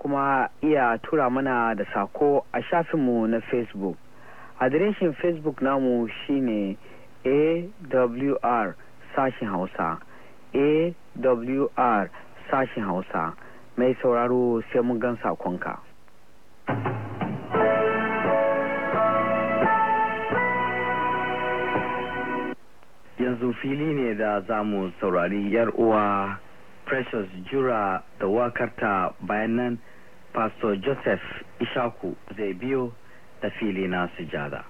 kuma iya tura mana da sako a shafinmu na facebook adireshin facebook namu shine awr sashin hausa awr sashin hausa mai sauraro sai mun gan sakonka. yanzu fili ne da zamu saurari 'yar uwa precious jura da wakarta bayan nan pastor joseph ishaku zai biyo da fili na sujada